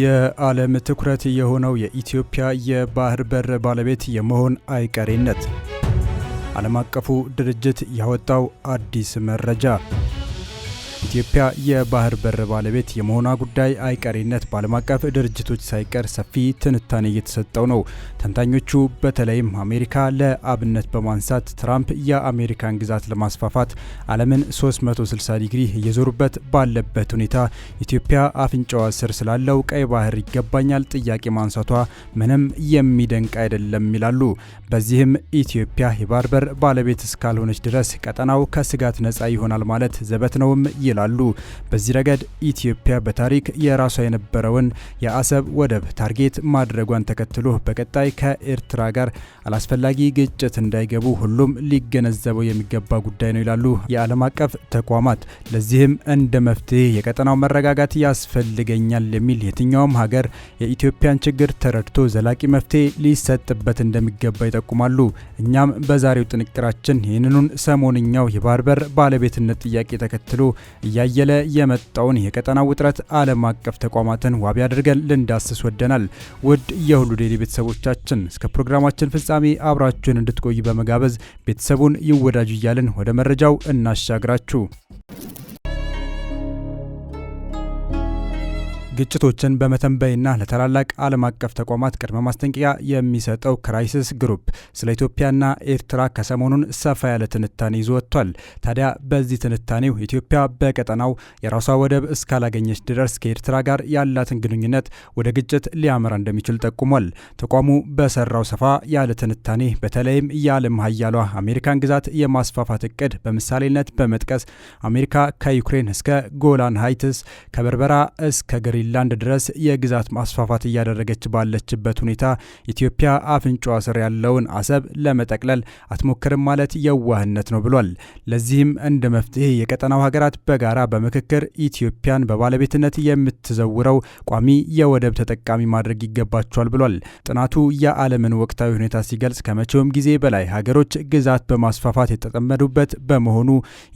የዓለም ትኩረት የሆነው የኢትዮጵያ የባህር በር ባለቤት የመሆን አይቀሬነት ዓለም አቀፉ ድርጅት ያወጣው አዲስ መረጃ ኢትዮጵያ የባህር በር ባለቤት የመሆኗ ጉዳይ አይቀሬነት በዓለም አቀፍ ድርጅቶች ሳይቀር ሰፊ ትንታኔ እየተሰጠው ነው። ተንታኞቹ በተለይም አሜሪካ ለአብነት በማንሳት ትራምፕ የአሜሪካን ግዛት ለማስፋፋት ዓለምን 360 ዲግሪ እየዞሩበት ባለበት ሁኔታ ኢትዮጵያ አፍንጫዋ ስር ስላለው ቀይ ባህር ይገባኛል ጥያቄ ማንሳቷ ምንም የሚደንቅ አይደለም ይላሉ። በዚህም ኢትዮጵያ የባህር በር ባለቤት እስካልሆነች ድረስ ቀጠናው ከስጋት ነፃ ይሆናል ማለት ዘበት ነውም ይላሉ። በዚህ ረገድ ኢትዮጵያ በታሪክ የራሷ የነበረውን የአሰብ ወደብ ታርጌት ማድረጓን ተከትሎ በቀጣይ ከኤርትራ ጋር አላስፈላጊ ግጭት እንዳይገቡ ሁሉም ሊገነዘበው የሚገባ ጉዳይ ነው ይላሉ የዓለም አቀፍ ተቋማት። ለዚህም እንደ መፍትሄ የቀጠናው መረጋጋት ያስፈልገኛል የሚል የትኛውም ሀገር የኢትዮጵያን ችግር ተረድቶ ዘላቂ መፍትሄ ሊሰጥበት እንደሚገባ ይጠቁማሉ። እኛም በዛሬው ጥንቅራችን ይህንኑን ሰሞንኛው የባህር በር ባለቤትነት ጥያቄ ተከትሎ እያየለ የመጣውን የቀጠና ውጥረት ዓለም አቀፍ ተቋማትን ዋቢ አድርገን ልንዳስስ ወደናል። ውድ የሁሉ ዴይሊ ቤተሰቦቻችን እስከ ፕሮግራማችን ፍጻሜ አብራችሁን እንድትቆዩ በመጋበዝ ቤተሰቡን ይወዳጁ እያልን ወደ መረጃው እናሻግራችሁ። ግጭቶችን በመተንበይና ለታላላቅ ዓለም አቀፍ ተቋማት ቅድመ ማስጠንቀቂያ የሚሰጠው ክራይሲስ ግሩፕ ስለ ኢትዮጵያና ኤርትራ ከሰሞኑን ሰፋ ያለ ትንታኔ ይዞ ወጥቷል። ታዲያ በዚህ ትንታኔው ኢትዮጵያ በቀጠናው የራሷ ወደብ እስካላገኘች ድረስ ከኤርትራ ጋር ያላትን ግንኙነት ወደ ግጭት ሊያመራ እንደሚችል ጠቁሟል። ተቋሙ በሰራው ሰፋ ያለ ትንታኔ በተለይም የዓለም ሀያሏ አሜሪካን ግዛት የማስፋፋት እቅድ በምሳሌነት በመጥቀስ አሜሪካ ከዩክሬን እስከ ጎላን ሀይትስ ከበርበራ እስከ ግሪ ግሪንላንድ ድረስ የግዛት ማስፋፋት እያደረገች ባለችበት ሁኔታ ኢትዮጵያ አፍንጫዋ ስር ያለውን አሰብ ለመጠቅለል አትሞክርም ማለት የዋህነት ነው ብሏል። ለዚህም እንደ መፍትሄ የቀጠናው ሀገራት በጋራ በምክክር ኢትዮጵያን በባለቤትነት የምትዘውረው ቋሚ የወደብ ተጠቃሚ ማድረግ ይገባቸዋል ብሏል። ጥናቱ የዓለምን ወቅታዊ ሁኔታ ሲገልጽ ከመቼውም ጊዜ በላይ ሀገሮች ግዛት በማስፋፋት የተጠመዱበት በመሆኑ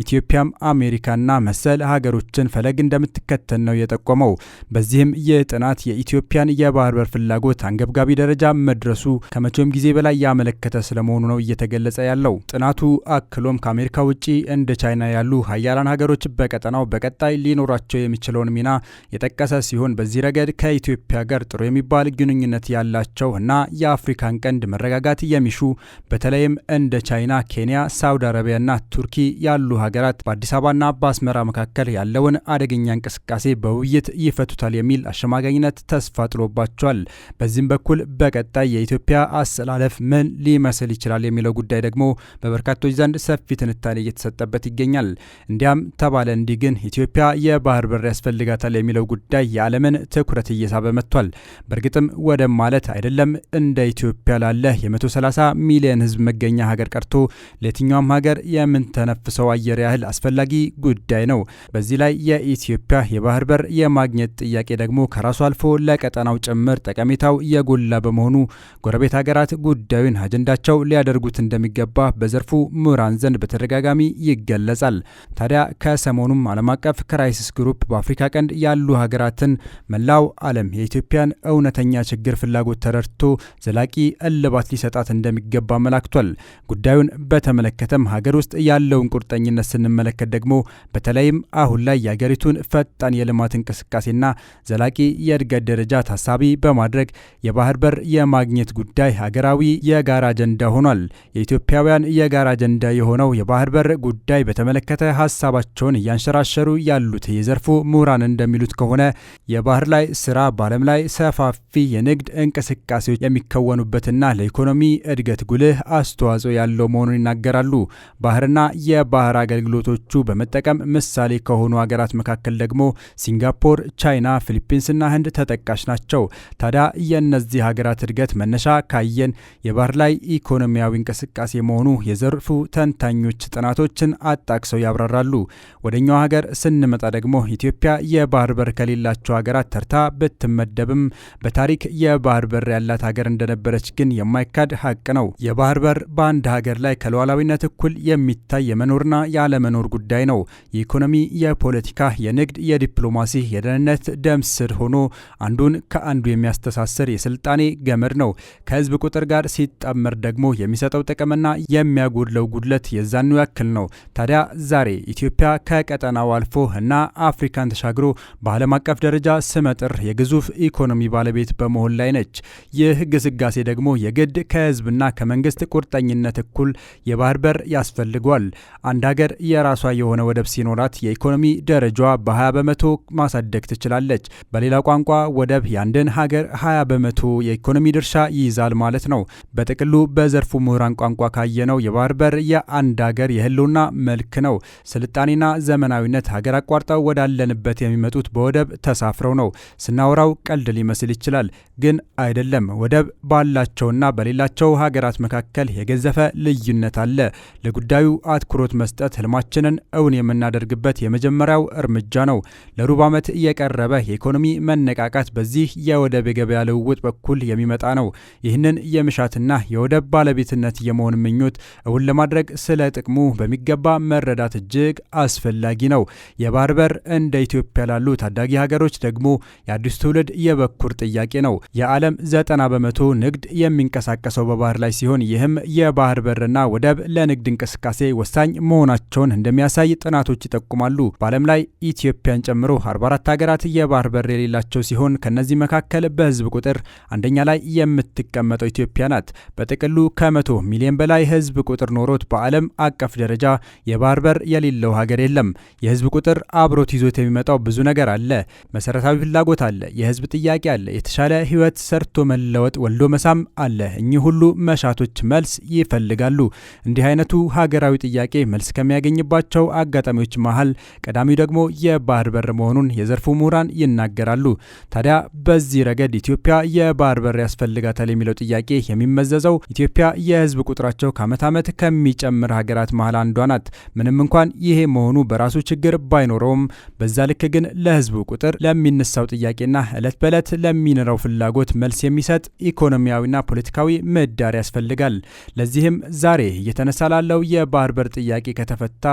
ኢትዮጵያም አሜሪካና መሰል ሀገሮችን ፈለግ እንደምትከተል ነው የጠቆመው። በዚህም ይህ ጥናት የኢትዮጵያን የባህር በር ፍላጎት አንገብጋቢ ደረጃ መድረሱ ከመቼውም ጊዜ በላይ ያመለከተ ስለመሆኑ ነው እየተገለጸ ያለው። ጥናቱ አክሎም ከአሜሪካ ውጭ እንደ ቻይና ያሉ ሀያላን ሀገሮች በቀጠናው በቀጣይ ሊኖራቸው የሚችለውን ሚና የጠቀሰ ሲሆን በዚህ ረገድ ከኢትዮጵያ ጋር ጥሩ የሚባል ግንኙነት ያላቸው እና የአፍሪካን ቀንድ መረጋጋት የሚሹ በተለይም እንደ ቻይና፣ ኬንያ፣ ሳውዲ አረቢያ ና ቱርኪ ያሉ ሀገራት በአዲስ አበባና በአስመራ መካከል ያለውን አደገኛ እንቅስቃሴ በውይይት ይፈቱታል ይደርሱታል የሚል አሸማጋኝነት ተስፋ ጥሎባቸዋል። በዚህም በኩል በቀጣይ የኢትዮጵያ አሰላለፍ ምን ሊመስል ይችላል የሚለው ጉዳይ ደግሞ በበርካቶች ዘንድ ሰፊ ትንታኔ እየተሰጠበት ይገኛል። እንዲያም ተባለ እንዲህ ግን ኢትዮጵያ የባህር በር ያስፈልጋታል የሚለው ጉዳይ የዓለምን ትኩረት እየሳበ መጥቷል። በእርግጥም ወደ ማለት አይደለም እንደ ኢትዮጵያ ላለ የ130 ሚሊዮን ህዝብ መገኛ ሀገር ቀርቶ ለየትኛውም ሀገር የምንተነፍሰው አየር ያህል አስፈላጊ ጉዳይ ነው። በዚህ ላይ የኢትዮጵያ የባህር በር የማግኘት ጥያቄ ጥያቄ ደግሞ ከራሱ አልፎ ለቀጠናው ጭምር ጠቀሜታው የጎላ በመሆኑ ጎረቤት ሀገራት ጉዳዩን አጀንዳቸው ሊያደርጉት እንደሚገባ በዘርፉ ምሁራን ዘንድ በተደጋጋሚ ይገለጻል። ታዲያ ከሰሞኑም ዓለም አቀፍ ክራይሲስ ግሩፕ በአፍሪካ ቀንድ ያሉ ሀገራትን መላው ዓለም የኢትዮጵያን እውነተኛ ችግር ፍላጎት ተረድቶ ዘላቂ እልባት ሊሰጣት እንደሚገባ መላክቷል። ጉዳዩን በተመለከተም ሀገር ውስጥ ያለውን ቁርጠኝነት ስንመለከት ደግሞ በተለይም አሁን ላይ የሀገሪቱን ፈጣን የልማት እንቅስቃሴና ዘላቂ የእድገት ደረጃ ታሳቢ በማድረግ የባህር በር የማግኘት ጉዳይ ሀገራዊ የጋራ አጀንዳ ሆኗል። የኢትዮጵያውያን የጋራ አጀንዳ የሆነው የባህር በር ጉዳይ በተመለከተ ሀሳባቸውን እያንሸራሸሩ ያሉት የዘርፉ ምሁራን እንደሚሉት ከሆነ የባህር ላይ ስራ በዓለም ላይ ሰፋፊ የንግድ እንቅስቃሴዎች የሚከወኑበትና ለኢኮኖሚ እድገት ጉልህ አስተዋጽኦ ያለው መሆኑን ይናገራሉ። ባህርና የባህር አገልግሎቶቹ በመጠቀም ምሳሌ ከሆኑ ሀገራት መካከል ደግሞ ሲንጋፖር፣ ቻይና ፊሊፒንስና ህንድ ተጠቃሽ ናቸው። ታዲያ የእነዚህ ሀገራት እድገት መነሻ ካየን የባህር ላይ ኢኮኖሚያዊ እንቅስቃሴ መሆኑ የዘርፉ ተንታኞች ጥናቶችን አጣቅሰው ያብራራሉ። ወደኛው ሀገር ስንመጣ ደግሞ ኢትዮጵያ የባህር በር ከሌላቸው ሀገራት ተርታ ብትመደብም በታሪክ የባህር በር ያላት ሀገር እንደነበረች ግን የማይካድ ሀቅ ነው። የባህር በር በአንድ ሀገር ላይ ከሉዓላዊነት እኩል የሚታይ የመኖርና ያለመኖር ጉዳይ ነው። የኢኮኖሚ፣ የፖለቲካ፣ የንግድ፣ የዲፕሎማሲ፣ የደህንነት ደም ስር ሆኖ አንዱን ከአንዱ የሚያስተሳስር የስልጣኔ ገመድ ነው። ከህዝብ ቁጥር ጋር ሲጣመር ደግሞ የሚሰጠው ጥቅምና የሚያጎድለው ጉድለት የዛኑ ያክል ነው። ታዲያ ዛሬ ኢትዮጵያ ከቀጠናው አልፎ እና አፍሪካን ተሻግሮ በዓለም አቀፍ ደረጃ ስመጥር የግዙፍ ኢኮኖሚ ባለቤት በመሆን ላይ ነች። ይህ ግስጋሴ ደግሞ የግድ ከህዝብና ከመንግስት ቁርጠኝነት እኩል የባህር በር ያስፈልጓል። አንድ ሀገር የራሷ የሆነ ወደብ ሲኖራት የኢኮኖሚ ደረጃ በ20 በመቶ ማሳደግ ትችላለች። ትገኛለች። በሌላ ቋንቋ ወደብ የአንድን ሀገር 20 በመቶ የኢኮኖሚ ድርሻ ይይዛል ማለት ነው። በጥቅሉ በዘርፉ ምሁራን ቋንቋ ካየነው የባህር በር የአንድ ሀገር የህልውና መልክ ነው። ስልጣኔና ዘመናዊነት ሀገር አቋርጠው ወዳለንበት የሚመጡት በወደብ ተሳፍረው ነው። ስናወራው ቀልድ ሊመስል ይችላል፣ ግን አይደለም። ወደብ ባላቸውና በሌላቸው ሀገራት መካከል የገዘፈ ልዩነት አለ። ለጉዳዩ አትኩሮት መስጠት ህልማችንን እውን የምናደርግበት የመጀመሪያው እርምጃ ነው። ለሩብ ዓመት የቀረበ የኢኮኖሚ መነቃቃት በዚህ የወደብ የገበያ ልውውጥ በኩል የሚመጣ ነው። ይህንን የምሻትና የወደብ ባለቤትነት የመሆን ምኞት እውን ለማድረግ ስለ ጥቅሙ በሚገባ መረዳት እጅግ አስፈላጊ ነው። የባህር በር እንደ ኢትዮጵያ ላሉ ታዳጊ ሀገሮች ደግሞ የአዲሱ ትውልድ የበኩር ጥያቄ ነው። የዓለም ዘጠና በመቶ ንግድ የሚንቀሳቀሰው በባህር ላይ ሲሆን ይህም የባህር በርና ወደብ ለንግድ እንቅስቃሴ ወሳኝ መሆናቸውን እንደሚያሳይ ጥናቶች ይጠቁማሉ። በዓለም ላይ ኢትዮጵያን ጨምሮ 44 ሀገራት የ የባህር በር የሌላቸው ሲሆን ከእነዚህ መካከል በህዝብ ቁጥር አንደኛ ላይ የምትቀመጠው ኢትዮጵያ ናት። በጥቅሉ ከመቶ ሚሊዮን በላይ ህዝብ ቁጥር ኖሮት በዓለም አቀፍ ደረጃ የባህር በር የሌለው ሀገር የለም። የህዝብ ቁጥር አብሮት ይዞት የሚመጣው ብዙ ነገር አለ። መሰረታዊ ፍላጎት አለ፣ የህዝብ ጥያቄ አለ፣ የተሻለ ህይወት፣ ሰርቶ መለወጥ፣ ወልዶ መሳም አለ። እኚህ ሁሉ መሻቶች መልስ ይፈልጋሉ። እንዲህ አይነቱ ሀገራዊ ጥያቄ መልስ ከሚያገኝባቸው አጋጣሚዎች መሀል ቀዳሚው ደግሞ የባህር በር መሆኑን የዘርፉ ምሁራን ይናገራሉ። ታዲያ በዚህ ረገድ ኢትዮጵያ የባህር በር ያስፈልጋታል የሚለው ጥያቄ የሚመዘዘው ኢትዮጵያ የህዝብ ቁጥራቸው ከዓመት ዓመት ከሚጨምር ሀገራት መሀል አንዷ ናት። ምንም እንኳን ይሄ መሆኑ በራሱ ችግር ባይኖረውም በዛ ልክ ግን ለህዝቡ ቁጥር ለሚነሳው ጥያቄና ዕለት በዕለት ለሚኖረው ፍላጎት መልስ የሚሰጥ ኢኮኖሚያዊና ፖለቲካዊ ምህዳር ያስፈልጋል። ለዚህም ዛሬ እየተነሳ ላለው የባህር በር ጥያቄ ከተፈታ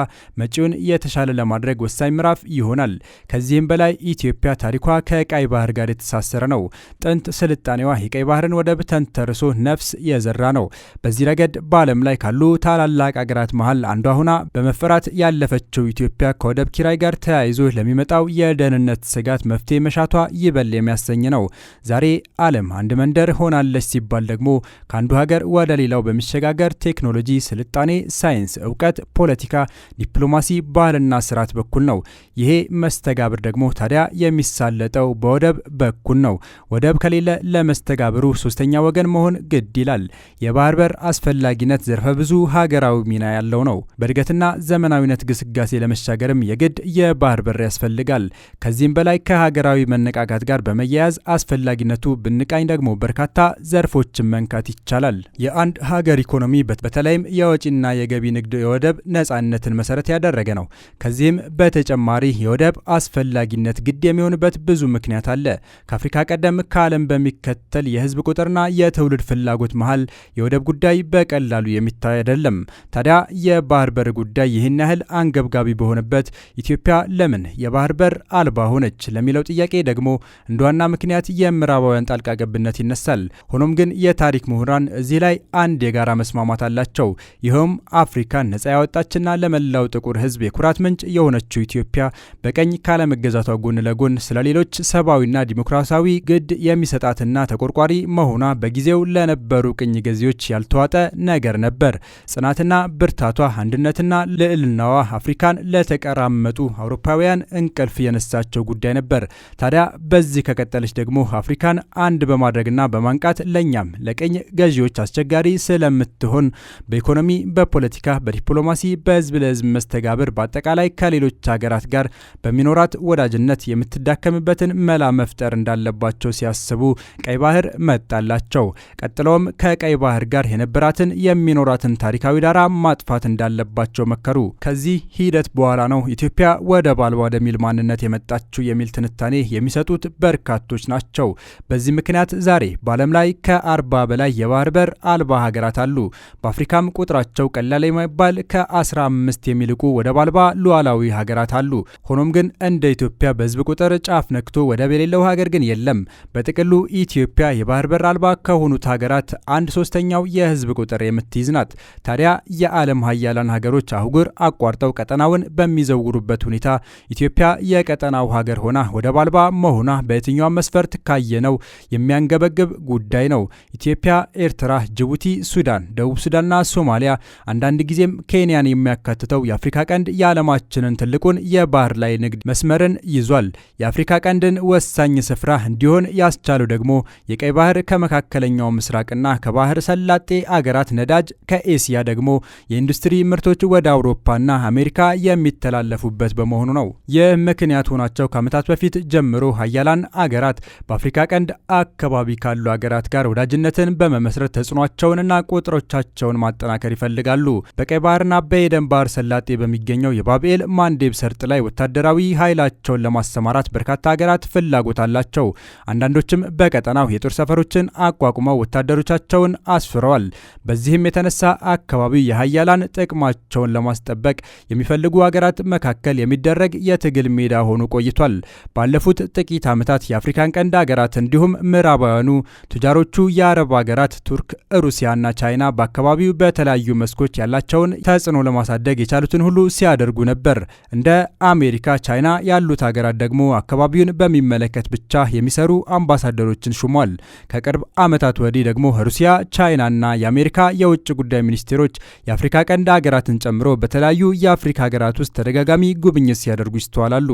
መጪውን የተሻለ ለማድረግ ወሳኝ ምዕራፍ ይሆናል። ከዚህም በላይ ኢትዮጵያ ታሪኳ ከቀይ ባህር ጋር የተሳሰረ ነው። ጥንት ስልጣኔዋ የቀይ ባህርን ወደብ ተንተርሶ ነፍስ የዘራ ነው። በዚህ ረገድ በዓለም ላይ ካሉ ታላላቅ አገራት መሀል አንዷ ሆና በመፈራት ያለፈችው ኢትዮጵያ ከወደብ ኪራይ ጋር ተያይዞ ለሚመጣው የደህንነት ስጋት መፍትሄ መሻቷ ይበል የሚያሰኝ ነው። ዛሬ ዓለም አንድ መንደር ሆናለች ሲባል ደግሞ ከአንዱ ሀገር ወደ ሌላው በሚሸጋገር ቴክኖሎጂ፣ ስልጣኔ፣ ሳይንስ፣ እውቀት፣ ፖለቲካ፣ ዲፕሎማሲ፣ ባህልና ስርዓት በኩል ነው። ይሄ መስተጋብር ደግሞ ታዲያ የሚ የሚሳለጠው በወደብ በኩል ነው። ወደብ ከሌለ ለመስተጋብሩ ሶስተኛ ወገን መሆን ግድ ይላል። የባህር በር አስፈላጊነት ዘርፈ ብዙ ሀገራዊ ሚና ያለው ነው። በእድገትና ዘመናዊነት ግስጋሴ ለመሻገርም የግድ የባህር በር ያስፈልጋል። ከዚህም በላይ ከሀገራዊ መነቃቃት ጋር በመያያዝ አስፈላጊነቱ ብንቃኝ ደግሞ በርካታ ዘርፎችን መንካት ይቻላል። የአንድ ሀገር ኢኮኖሚ በተለይም የወጪና የገቢ ንግድ የወደብ ነጻነትን መሰረት ያደረገ ነው። ከዚህም በተጨማሪ የወደብ አስፈላጊነት ግድ የሚሆን የሚሆንበት ብዙ ምክንያት አለ። ከአፍሪካ ቀደም ከዓለም በሚከተል የህዝብ ቁጥርና የትውልድ ፍላጎት መሀል የወደብ ጉዳይ በቀላሉ የሚታይ አይደለም። ታዲያ የባህር በር ጉዳይ ይህን ያህል አንገብጋቢ በሆነበት ኢትዮጵያ ለምን የባህር በር አልባ ሆነች ለሚለው ጥያቄ ደግሞ እንደ ዋና ምክንያት የምዕራባውያን ጣልቃ ገብነት ይነሳል። ሆኖም ግን የታሪክ ምሁራን እዚህ ላይ አንድ የጋራ መስማማት አላቸው። ይኸውም አፍሪካን ነጻ ያወጣችና ለመላው ጥቁር ህዝብ የኩራት ምንጭ የሆነችው ኢትዮጵያ በቀኝ ካለመገዛቷ ጎን ለጎን ስለ ሌሎች ሰብአዊና ዲሞክራሲያዊ ግድ የሚሰጣትና ተቆርቋሪ መሆኗ በጊዜው ለነበሩ ቅኝ ገዢዎች ያልተዋጠ ነገር ነበር። ጽናትና ብርታቷ፣ አንድነትና ልዕልናዋ አፍሪካን ለተቀራመጡ አውሮፓውያን እንቅልፍ የነሳቸው ጉዳይ ነበር። ታዲያ በዚህ ከቀጠለች ደግሞ አፍሪካን አንድ በማድረግና በማንቃት ለእኛም ለቅኝ ገዢዎች አስቸጋሪ ስለምትሆን በኢኮኖሚ፣ በፖለቲካ፣ በዲፕሎማሲ፣ በህዝብ ለህዝብ መስተጋብር፣ በአጠቃላይ ከሌሎች ሀገራት ጋር በሚኖራት ወዳጅነት የምት የሚዳከምበትን መላ መፍጠር እንዳለባቸው ሲያስቡ ቀይ ባህር መጣላቸው። ቀጥለውም ከቀይ ባህር ጋር የነበራትን የሚኖራትን ታሪካዊ ዳራ ማጥፋት እንዳለባቸው መከሩ። ከዚህ ሂደት በኋላ ነው ኢትዮጵያ ወደብ አልባ ወደሚል ማንነት የመጣችው የሚል ትንታኔ የሚሰጡት በርካቶች ናቸው። በዚህ ምክንያት ዛሬ በዓለም ላይ ከአርባ በላይ የባህር በር አልባ ሀገራት አሉ። በአፍሪካም ቁጥራቸው ቀላል የማይባል ከ15 የሚልቁ ወደብ አልባ ሉዓላዊ ሀገራት አሉ። ሆኖም ግን እንደ ኢትዮጵያ በህዝብ ቁጥር ጫፍ ነክቶ ወደብ የሌለው ሀገር ግን የለም። በጥቅሉ ኢትዮጵያ የባህር በር አልባ ከሆኑት ሀገራት አንድ ሶስተኛው የህዝብ ቁጥር የምትይዝ ናት። ታዲያ የዓለም ሀያላን ሀገሮች አህጉር አቋርጠው ቀጠናውን በሚዘውሩበት ሁኔታ ኢትዮጵያ የቀጠናው ሀገር ሆና ወደብ አልባ መሆኗ በየትኛውም መስፈርት ካየነው የሚያንገበግብ ጉዳይ ነው። ኢትዮጵያ፣ ኤርትራ፣ ጅቡቲ፣ ሱዳን፣ ደቡብ ሱዳንና ሶማሊያ አንዳንድ ጊዜም ኬንያን የሚያካትተው የአፍሪካ ቀንድ የዓለማችንን ትልቁን የባህር ላይ ንግድ መስመርን ይዟል። የአፍሪካ ቀንድን ወሳኝ ስፍራ እንዲሆን ያስቻለው ደግሞ የቀይ ባህር ከመካከለኛው ምስራቅና ከባህር ሰላጤ አገራት ነዳጅ ከኤስያ ደግሞ የኢንዱስትሪ ምርቶች ወደ አውሮፓና አሜሪካ የሚተላለፉበት በመሆኑ ነው። ይህ ምክንያት ሆናቸው ከዓመታት በፊት ጀምሮ ሀያላን አገራት በአፍሪካ ቀንድ አካባቢ ካሉ አገራት ጋር ወዳጅነትን በመመስረት ተጽዕኖቸውንና ቁጥሮቻቸውን ማጠናከር ይፈልጋሉ። በቀይ ባህርና በኤደን ባህር ሰላጤ በሚገኘው የባብኤል ማንዴብ ሰርጥ ላይ ወታደራዊ ኃይላቸውን ለማሰማራት በርካታ ሀገራት ፍላጎት አላቸው። አንዳንዶችም በቀጠናው የጦር ሰፈሮችን አቋቁመው ወታደሮቻቸውን አስፍረዋል። በዚህም የተነሳ አካባቢው የሀያላን ጥቅማቸውን ለማስጠበቅ የሚፈልጉ ሀገራት መካከል የሚደረግ የትግል ሜዳ ሆኖ ቆይቷል። ባለፉት ጥቂት ዓመታት የአፍሪካን ቀንድ ሀገራት እንዲሁም ምዕራባውያኑ ቱጃሮቹ የአረብ ሀገራት ቱርክ፣ ሩሲያና ቻይና በአካባቢው በተለያዩ መስኮች ያላቸውን ተጽዕኖ ለማሳደግ የቻሉትን ሁሉ ሲያደርጉ ነበር። እንደ አሜሪካ፣ ቻይና ያሉት ሀገራት ደግሞ አካባቢውን በሚመለከት ብቻ የሚሰሩ አምባሳደሮችን ሹሟል። ከቅርብ ዓመታት ወዲህ ደግሞ ሩሲያ፣ ቻይናና የአሜሪካ የውጭ ጉዳይ ሚኒስቴሮች የአፍሪካ ቀንድ ሀገራትን ጨምሮ በተለያዩ የአፍሪካ ሀገራት ውስጥ ተደጋጋሚ ጉብኝት ሲያደርጉ ይስተዋላሉ።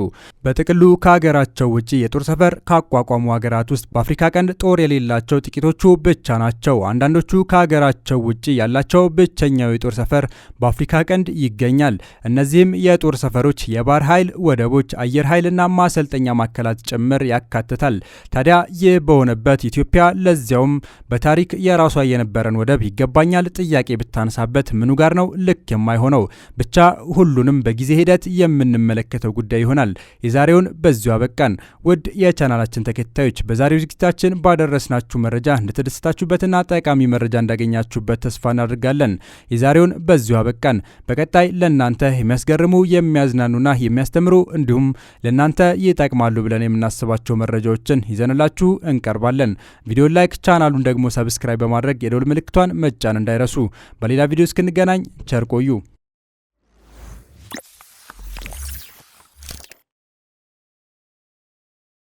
በጥቅሉ ከሀገራቸው ውጭ የጦር ሰፈር ካቋቋሙ ሀገራት ውስጥ በአፍሪካ ቀንድ ጦር የሌላቸው ጥቂቶቹ ብቻ ናቸው። አንዳንዶቹ ከሀገራቸው ውጭ ያላቸው ብቸኛው የጦር ሰፈር በአፍሪካ ቀንድ ይገኛል። እነዚህም የጦር ሰፈሮች የባህር ኃይል፣ ወደቦች፣ አየር ኃይልና ማሰልጠኛ ማሰልጠኛ ማዕከላት ጭምር ያካትታል። ታዲያ ይህ በሆነበት ኢትዮጵያ ለዚያውም በታሪክ የራሷ የነበረን ወደብ ይገባኛል ጥያቄ ብታነሳበት ምኑ ጋር ነው ልክ የማይሆነው? ብቻ ሁሉንም በጊዜ ሂደት የምንመለከተው ጉዳይ ይሆናል። የዛሬውን በዚሁ አበቃን። ውድ የቻናላችን ተከታዮች በዛሬው ዝግጅታችን ባደረስናችሁ መረጃ እንደተደሰታችሁበትና ጠቃሚ መረጃ እንዳገኛችሁበት ተስፋ እናደርጋለን። የዛሬውን በዚሁ አበቃን። በቀጣይ ለእናንተ የሚያስገርሙ የሚያዝናኑና የሚያስተምሩ እንዲሁም ለእናንተ ይጠ ይጠቅማሉ ብለን የምናስባቸው መረጃዎችን ይዘንላችሁ እንቀርባለን። ቪዲዮ ላይክ፣ ቻናሉን ደግሞ ሰብስክራይብ በማድረግ የደውል ምልክቷን መጫን እንዳይረሱ። በሌላ ቪዲዮ እስክንገናኝ ቸር ቆዩ።